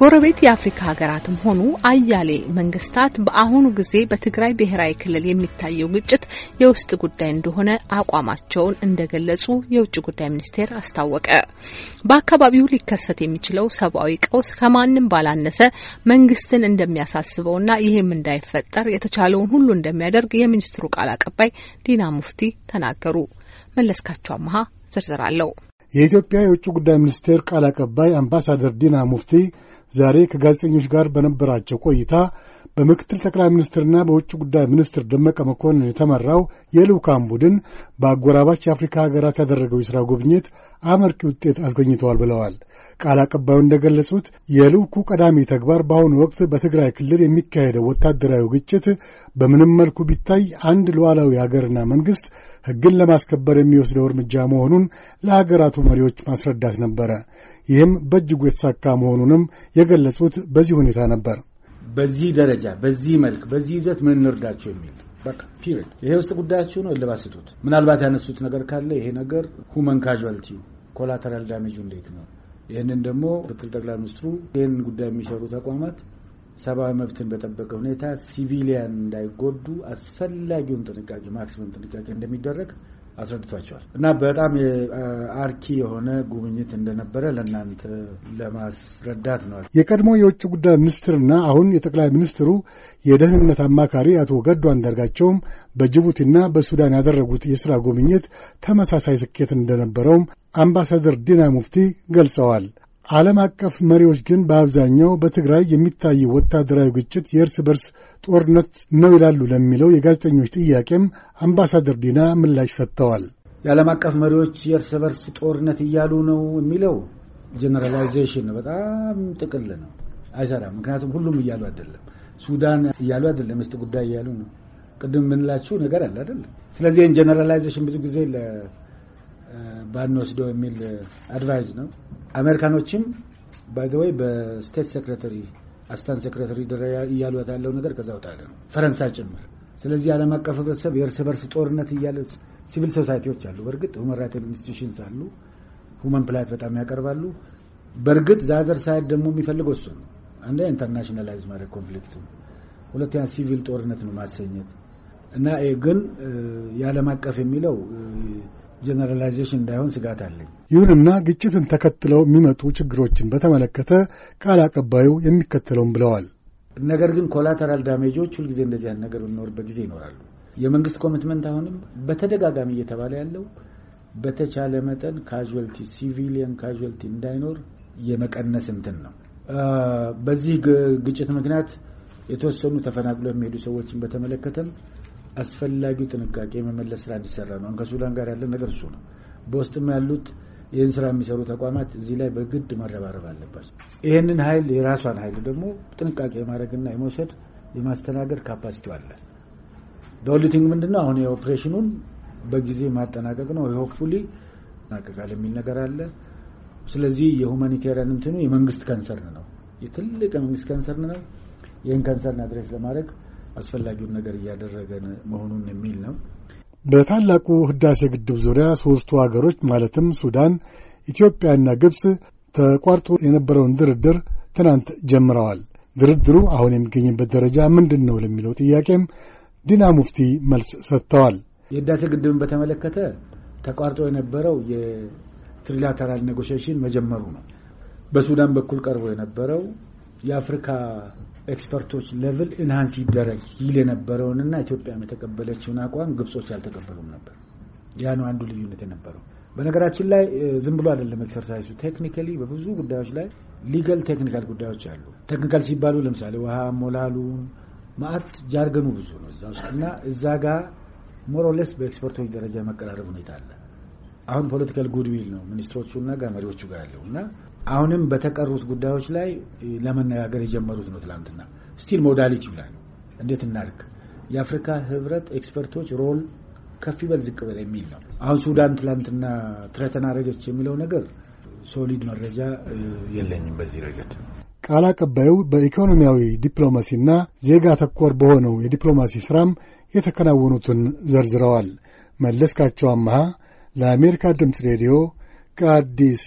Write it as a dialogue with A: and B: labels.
A: ጎረቤት የአፍሪካ ሀገራትም ሆኑ አያሌ መንግስታት በአሁኑ ጊዜ በትግራይ ብሔራዊ ክልል የሚታየው ግጭት የውስጥ ጉዳይ እንደሆነ አቋማቸውን እንደገለጹ የውጭ ጉዳይ ሚኒስቴር አስታወቀ። በአካባቢው ሊከሰት የሚችለው ሰብአዊ ቀውስ ከማንም ባላነሰ መንግስትን እንደሚያሳስበውና ይህም እንዳይፈጠር የተቻለውን ሁሉ እንደሚያደርግ የሚኒስትሩ ቃል አቀባይ ዲና ሙፍቲ ተናገሩ። መለስካቸው አመሀ ዝርዝር አለው። የኢትዮጵያ የውጭ ጉዳይ ሚኒስቴር ቃል አቀባይ አምባሳደር ዲና ሙፍቲ ዛሬ ከጋዜጠኞች ጋር በነበራቸው ቆይታ በምክትል ጠቅላይ ሚኒስትርና በውጭ ጉዳይ ሚኒስትር ደመቀ መኮንን የተመራው የልዑካን ቡድን በአጎራባች የአፍሪካ ሀገራት ያደረገው የሥራ ጉብኝት አመርቂ ውጤት አስገኝተዋል ብለዋል። ቃል አቀባዩ እንደገለጹት የልዑኩ ቀዳሚ ተግባር በአሁኑ ወቅት በትግራይ ክልል የሚካሄደው ወታደራዊ ግጭት በምንም መልኩ ቢታይ አንድ ሉዓላዊ ሀገርና መንግሥት ሕግን ለማስከበር የሚወስደው እርምጃ መሆኑን ለሀገራቱ መሪዎች ማስረዳት ነበረ። ይህም በእጅጉ የተሳካ መሆኑንም የገለጹት በዚህ ሁኔታ ነበር።
B: በዚህ ደረጃ፣ በዚህ መልክ፣ በዚህ ይዘት ምን እንርዳቸው የሚል በቃ ፒሪድ። ይሄ ውስጥ ጉዳያችሁ ነው፣ እልባት ስጡት። ምናልባት ያነሱት ነገር ካለ ይሄ ነገር ሁመን ካዥዋልቲ ኮላተራል ዳሜጁ እንዴት ነው ይህንን ደግሞ ምክትል ጠቅላይ ሚኒስትሩ ይህን ጉዳይ የሚሰሩ ተቋማት ሰብአዊ መብትን በጠበቀ ሁኔታ ሲቪሊያን እንዳይጎዱ አስፈላጊውን ጥንቃቄ ማክሲመም ጥንቃቄ እንደሚደረግ አስረድቷቸዋል። እና በጣም አርኪ የሆነ ጉብኝት እንደነበረ ለእናንተ ለማስረዳት ነው።
A: የቀድሞ የውጭ ጉዳይ ሚኒስትርና አሁን የጠቅላይ ሚኒስትሩ የደህንነት አማካሪ አቶ ገዱ አንዳርጋቸውም በጅቡቲና በሱዳን ያደረጉት የሥራ ጉብኝት ተመሳሳይ ስኬት እንደነበረውም አምባሳደር ዲና ሙፍቲ ገልጸዋል። ዓለም አቀፍ መሪዎች ግን በአብዛኛው በትግራይ የሚታየው ወታደራዊ ግጭት የእርስ በርስ ጦርነት ነው ይላሉ ለሚለው የጋዜጠኞች ጥያቄም አምባሳደር ዲና ምላሽ ሰጥተዋል።
B: የዓለም አቀፍ መሪዎች የእርስ በርስ ጦርነት እያሉ ነው የሚለው ጀነራላይዜሽን በጣም ጥቅል ነው፣ አይሰራም። ምክንያቱም ሁሉም እያሉ አይደለም። ሱዳን እያሉ አይደለም፣ ውስጥ ጉዳይ እያሉ ነው። ቅድም የምንላችሁ ነገር አለ አይደለም። ስለዚህ ጀነራላይዜሽን ብዙ ጊዜ ባንወስደው የሚል አድቫይዝ ነው። አሜሪካኖችም ባይዘወይ በስቴት ሴክሬታሪ አስታን ሴክሬታሪ እያሉት ያለው ነገር ከዛ ወጣ ነው፣ ፈረንሳይ ጭምር። ስለዚህ ዓለም አቀፍ ህብረተሰብ የእርስ በርስ ጦርነት እያለ ሲቪል ሶሳይቲዎች አሉ። በእርግጥ ሁመን ራይት ኢንስቲቱሽንስ አሉ፣ ሁመን ፕላት በጣም ያቀርባሉ። በእርግጥ ዛዘር ሳይድ ደግሞ የሚፈልገው እሱ ነው። አንዳ ኢንተርናሽናላይዝ ማድረግ ኮንፍሊክቱ፣ ሁለተኛ ሲቪል ጦርነት ነው ማሰኘት እና ግን የዓለም አቀፍ የሚለው ጀነራላይዜሽን እንዳይሆን ስጋት አለኝ።
A: ይሁንና ግጭትን ተከትለው የሚመጡ ችግሮችን በተመለከተ ቃል አቀባዩ የሚከተለውን ብለዋል።
B: ነገር ግን ኮላተራል ዳሜጆች ሁልጊዜ እንደዚህ አይነት ነገር በሚኖርበት ጊዜ ይኖራሉ። የመንግስት ኮሚትመንት አሁንም በተደጋጋሚ እየተባለ ያለው በተቻለ መጠን ካዥዋልቲ ሲቪሊየን ካዥዋልቲ እንዳይኖር የመቀነስ እንትን ነው። በዚህ ግጭት ምክንያት የተወሰኑ ተፈናቅሎ የሚሄዱ ሰዎችን በተመለከተም አስፈላጊው ጥንቃቄ የመመለስ ስራ እንዲሰራ ነው። ከሱዳን ጋር ያለን ነገር እሱ ነው። በውስጥም ያሉት ይህን ስራ የሚሰሩ ተቋማት እዚህ ላይ በግድ መረባረብ አለባቸው። ይህንን ኃይል የራሷን ኃይል ደግሞ ጥንቃቄ የማድረግና የመውሰድ የማስተናገድ ካፓሲቲ አለ። ዶሊቲንግ ምንድነው? አሁን የኦፕሬሽኑን በጊዜ ማጠናቀቅ ነው። ሆፕፉሊ ማቀቃል የሚል ነገር አለ። ስለዚህ የሁማኒቴሪያን እንትኑ የመንግስት ከንሰርን ነው፣ የትልቅ የመንግስት ከንሰርን ነው። ይህን ከንሰርን አድሬስ ለማድረግ አስፈላጊውን ነገር እያደረገን መሆኑን የሚል ነው።
A: በታላቁ ህዳሴ ግድብ ዙሪያ ሦስቱ ሀገሮች ማለትም ሱዳን፣ ኢትዮጵያና ግብፅ ተቋርጦ የነበረውን ድርድር ትናንት ጀምረዋል። ድርድሩ አሁን የሚገኝበት ደረጃ ምንድን ነው ለሚለው ጥያቄም ዲና ሙፍቲ መልስ ሰጥተዋል።
B: የህዳሴ ግድብን በተመለከተ ተቋርጦ የነበረው የትሪላተራል ኔጎሽሽን መጀመሩ ነው። በሱዳን በኩል ቀርቦ የነበረው የአፍሪካ ኤክስፐርቶች ሌቭል ኢንሃንስ ይደረግ ይል የነበረውንና ኢትዮጵያ የተቀበለችውን አቋም ግብጾች አልተቀበሉም ነበር። ያ ነው አንዱ ልዩነት የነበረው። በነገራችን ላይ ዝም ብሎ አይደለም ኤክሰርሳይዙ። ቴክኒካሊ በብዙ ጉዳዮች ላይ ሊገል ቴክኒካል ጉዳዮች አሉ። ቴክኒካል ሲባሉ ለምሳሌ ውሃ ሞላሉን ማአት ጃርገኑ ብዙ ነው እዛ ውስጥ እና እዛ ጋር ሞሮሌስ በኤክስፐርቶች ደረጃ መቀራረብ ሁኔታ አለ። አሁን ፖለቲካል ጉድዊል ነው ሚኒስትሮቹ ጋር መሪዎቹ ጋር ያለው እና አሁንም በተቀሩት ጉዳዮች ላይ ለመነጋገር የጀመሩት ነው። ትላንትና ስቲል ሞዳሊቲ ላይ እንዴት እናድርግ የአፍሪካ ህብረት ኤክስፐርቶች ሮል ከፍ ይበል ዝቅ በል የሚል ነው። አሁን ሱዳን ትላንትና ትረተን ረገች የሚለው ነገር ሶሊድ መረጃ የለኝም በዚህ ረገድ።
A: ቃል አቀባዩ በኢኮኖሚያዊ ዲፕሎማሲና ዜጋ ተኮር በሆነው የዲፕሎማሲ ስራም የተከናወኑትን ዘርዝረዋል። መለስካቸው አመሃ ለአሜሪካ ድምፅ ሬዲዮ ከአዲስ